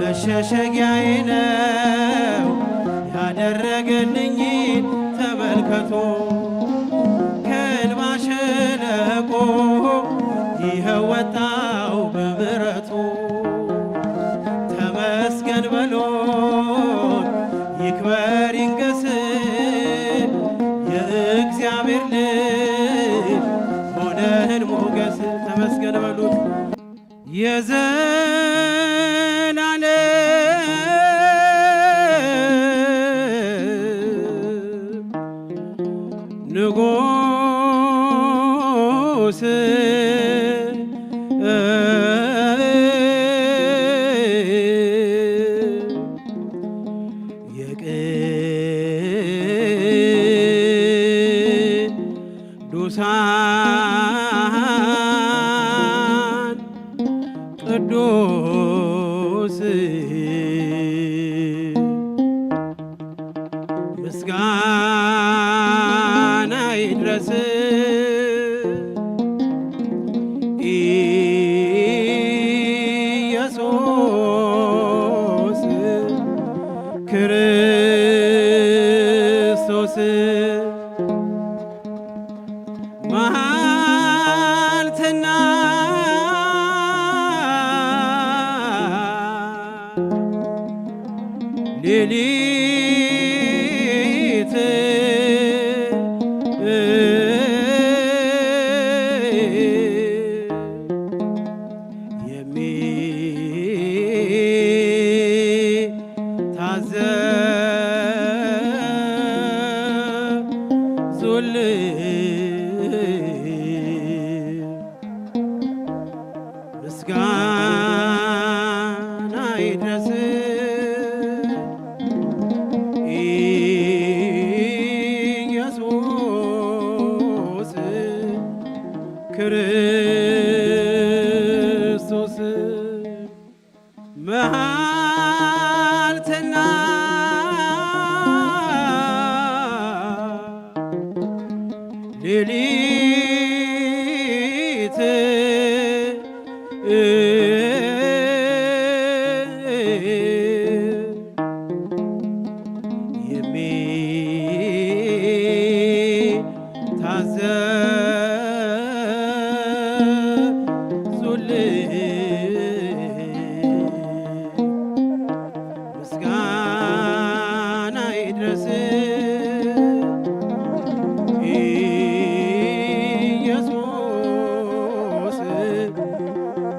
መሸሸጊያዬ ነው ያደረገልኝን ተመልከቶ ከእንባ ሸለቆ ይኸው ወጣሁ በምሕረቱ ተመስገን ይክበር ይንገስ የእግዚአብሔር ልጅ ሆነህን ሞገስ ተመስገን በሉት Ele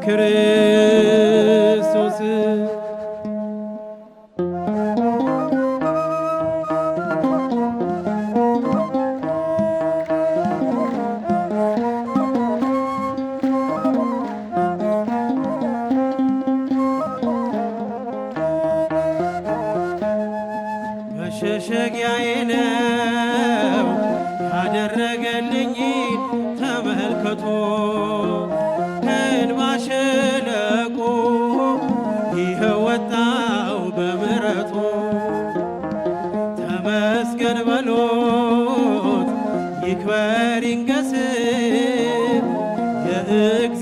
Kere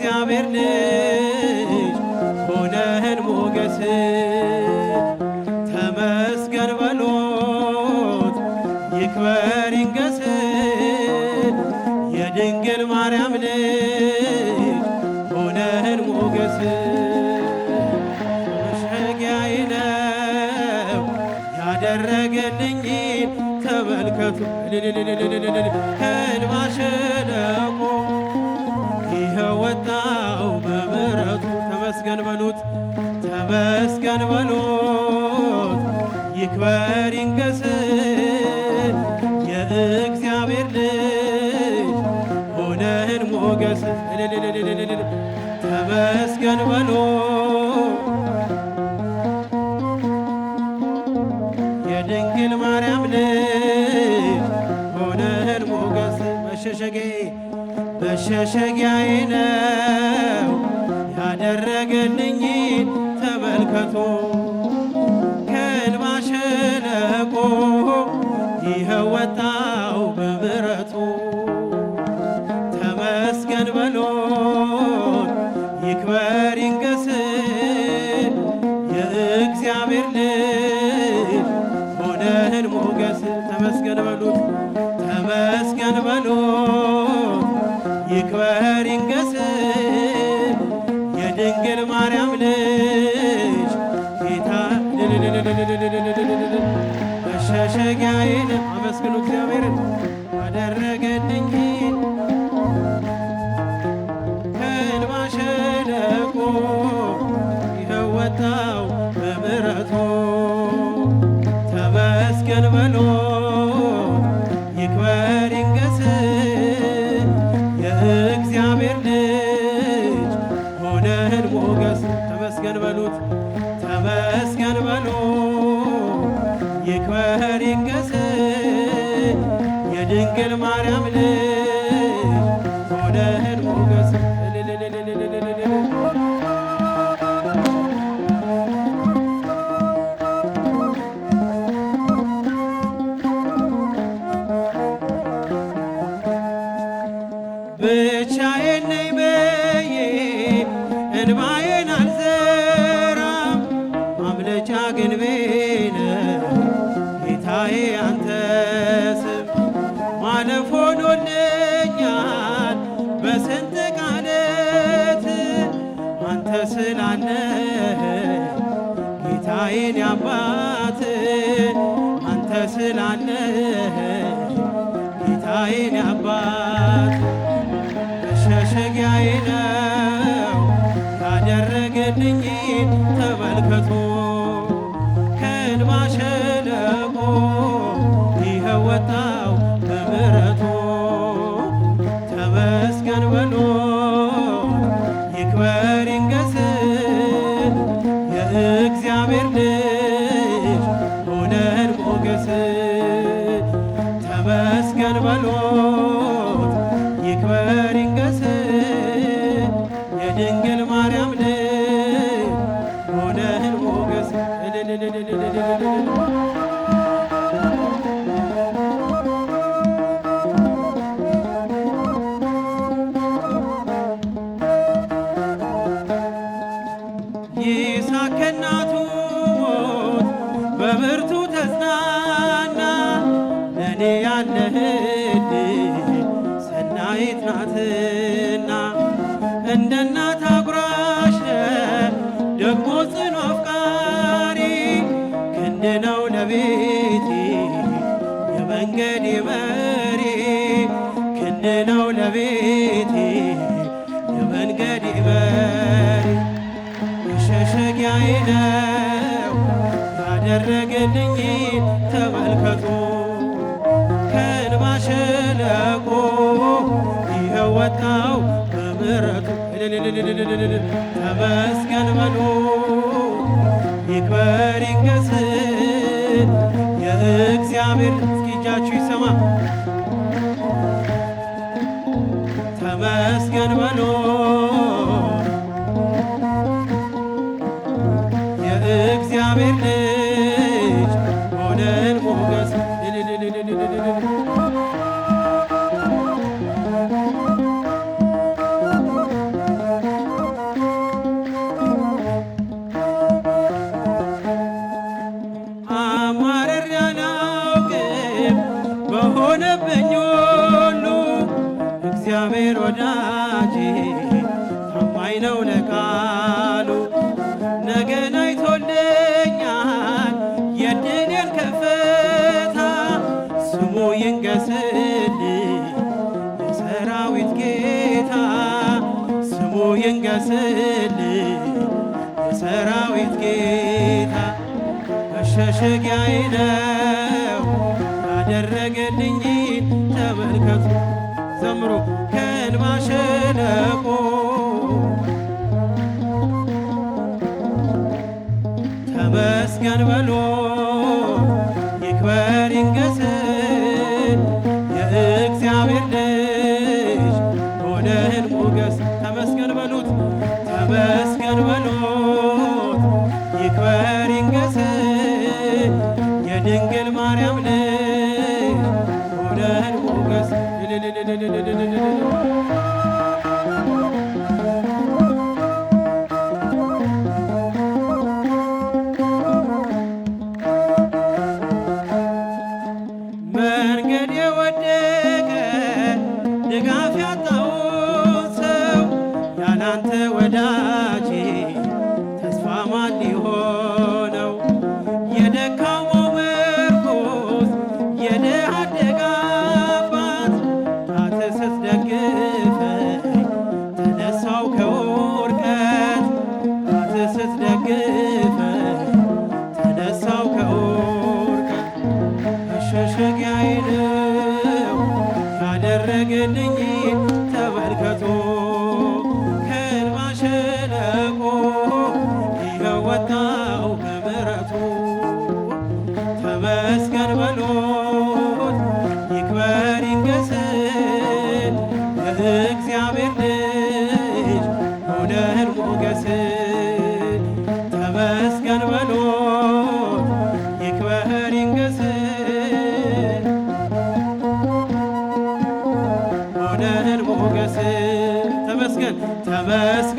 የእግዚአብሔር ልጅ ሆነህን ሞገስ ተመስገን በሎት ይክበር ይንገስ የድንግል ማርያም ልጅ ሆነህን ሞገስ መሸጊያዬ ነው ያደረገልኝ ተመልከቱ ከልባሽ ነው ይመስገን በሉት ይክበር ይንገስ የእግዚአብሔር ልጅ ሆነን ሞገስ ተመስገን የድንግል ማርያም ልጅ ሆነን ሞገስ መሸሸጌ መሸሸጊያዬ ነው ያደረገን ተመልከቶ ከእንባ ሸለቆ ይኸው ወጣው በምሕረቱ ተመስገን ይክበር ይንገስ የእግዚአብሔር ልጅ ሆነህን ሞገስ ተመስገን ተመስገን ይክበር ይንገስ የድንግል ማርያም ልጅ መሸሸጊያዬን አመስግኑ እግዚአብሔርን የድንግል ማርያም ልጅ ወደ ህድ ሞገስ Ay. ተመልከቱ ከእንባ ሸለቆ ይኸው ወጣው ተመስገን በሉ ይክበር ይገስ የእግዚአብሔር እስኪ እጃችሁ ይሰማ ተመስገን በሉ ለሆነብኝ ሁሉ እግዚአብሔር ወዳጄ ታማኝ ነው ለቃሉ። ነገን አይቶልኛል የድኔን ከፍታ ስሙ ይንገስልኝ የሰራዊት ጌታ ስሙ ይንገስልኝ የሰራዊት ጌታ መሸሸጊያዬ ነው ያደረገልኝ ተመልከቱ ዘምሮ ከእንባ ሸለቆ ተመስገን በሎ ይክበር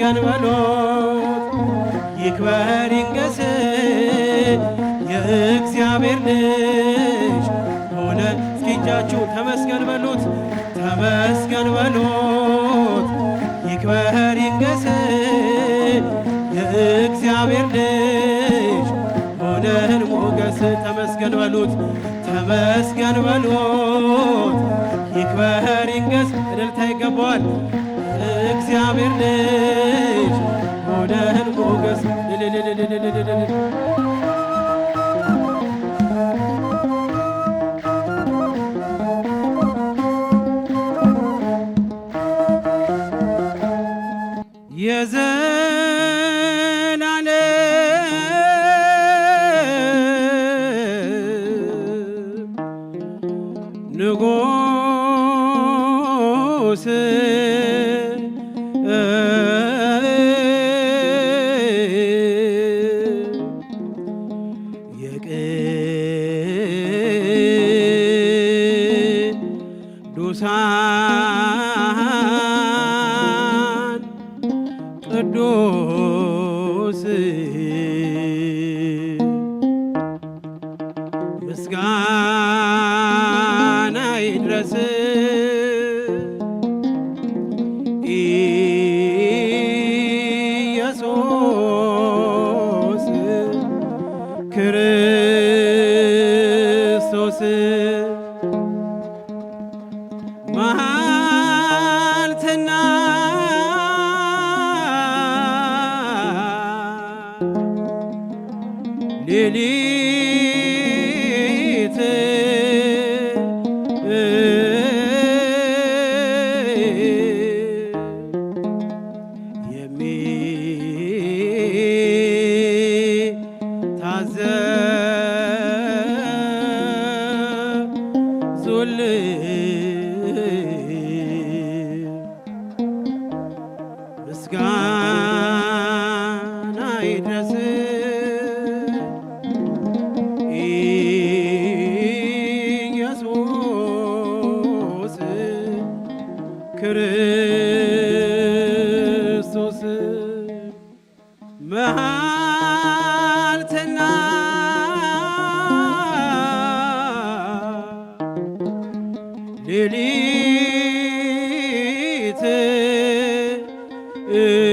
ቀን በሎት ይክበር ይንገስ የእግዚአብሔር ልጅ ሆነ እስኪጃችሁ ተመስገን በሎት ተመስገን በሎት ይክበር ይንገስ የእግዚአብሔር ልጅ ሆነን ሞገስ ተመስገን በሉት ተመስገን በሎት ይክበር ይንገስ እልልታ ይገባዋል የእግዚአብሔር ልጅ ሆነህን ሞገስ ቅዱስ ምስጋና ይድረስ Ee,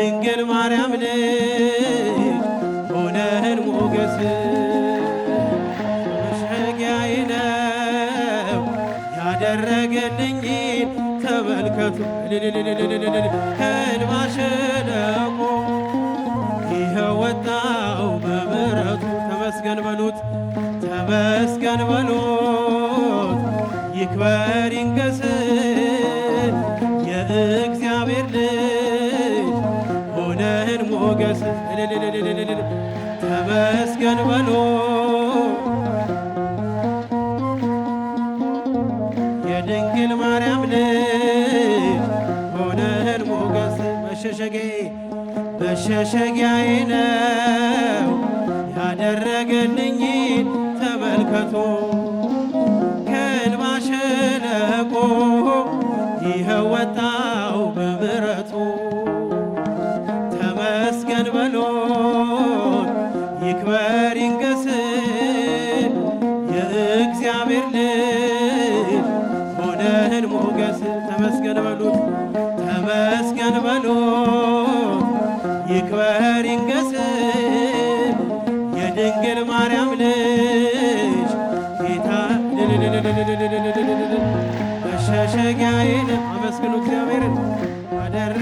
ድንግል ማርያም ልጅ ሆነህን ሞገስ መሸሸጊያዬ ነው ያደረገልኝ ተመልከቱ ከእንባሸለቆ ይኸው ወጣው በምሕረቱ ተመስገን በሉት ተመስገን በሉት ይክበር መሸሸጌ መሸሸጊያዬ ነው ያደረገልኝ ተመልከቶ መሸሸጊያዬን አመስግኑ እግዚአብሔርን አደረ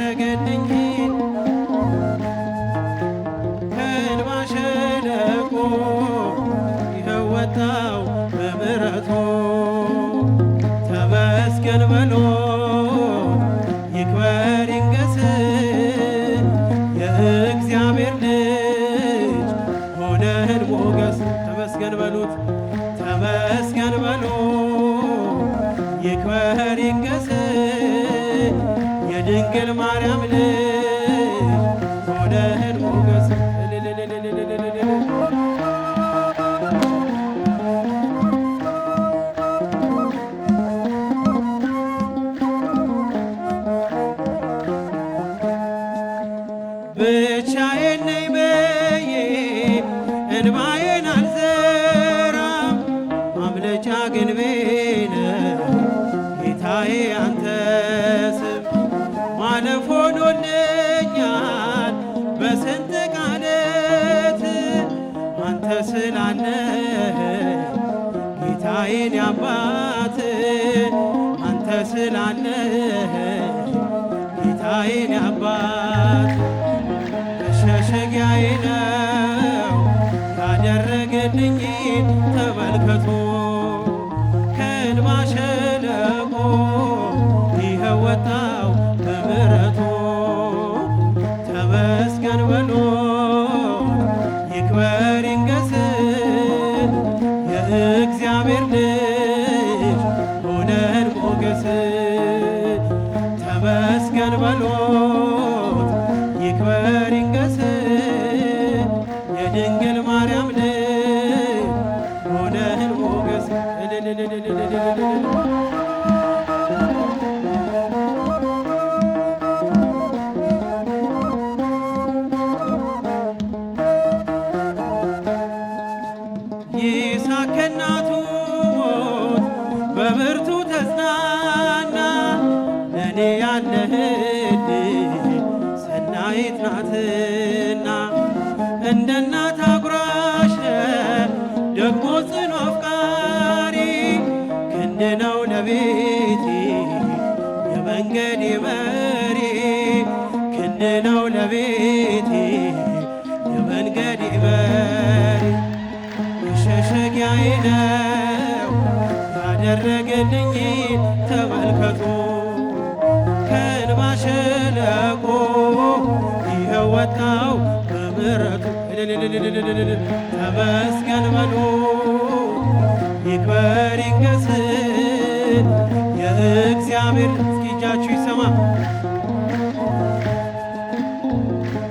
and my because ያለህል ሰናይት ናትና እንደ እናት አጉራሽ ደግሞ ጽኑ አፍቃሪ ክንድ ነው ለቤቴ የመንገድ መሪ ክንድ ነው ለቤቴ የመንገድ መሪ መሸሸጊያዬ ነው ያደረገልኝ ተመልከቱ ሸለቆ ይኸው ወጣው ተመስገን በሉ ይክበር ይንገስ የእግዚአብሔር ይሰማ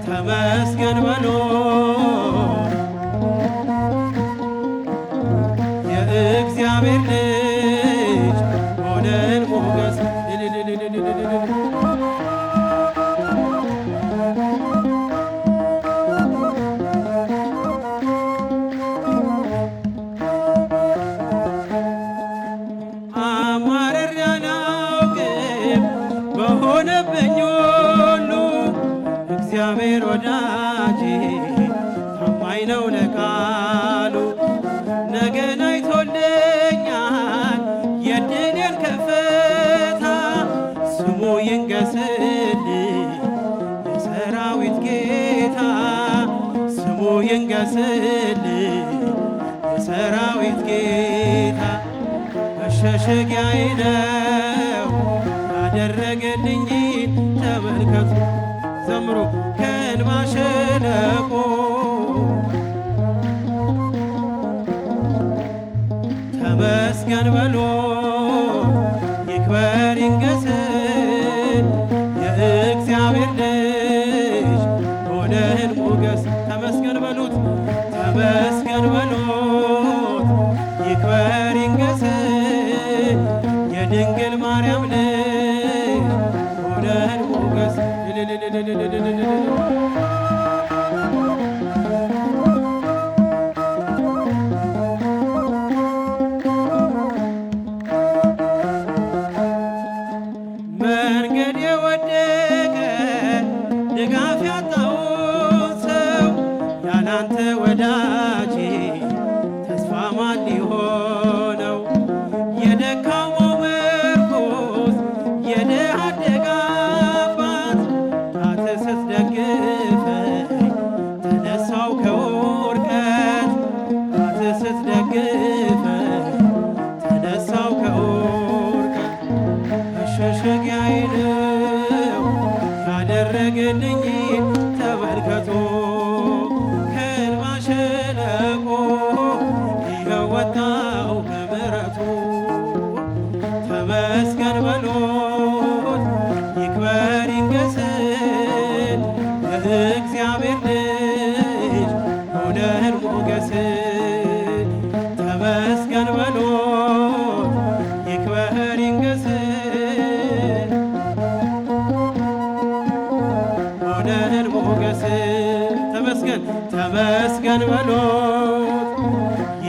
ተመስገን በሉ ይንገስልኝ የሰራዊት ጌታ ስሙ ይንገስልኝ የሰራዊት ጌታ መሸሸጊያዬ ነው ያደረገልኝ ተመልከቱ ዘምሩ ከእንባ ሸለቆ ተመስገን በሎ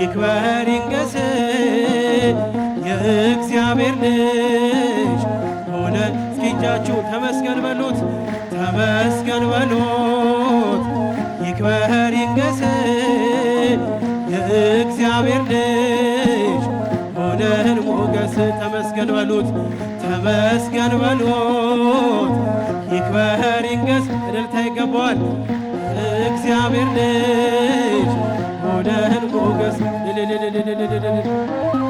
ይክበር ይንገስ የእግዚአብሔር ልጅ ሆነ። ተመስገን በሉት፣ ተመስገን በሉት። ይክበር ይንገስ የእግዚአብሔር ልጅ ሆነን ሞገስ ተመስገን በሉት፣ ተመስገን በሉት። ይክበር ይንገስ እልልታ ይገባዋል እግዚአብሔር ልጅ ሞገስ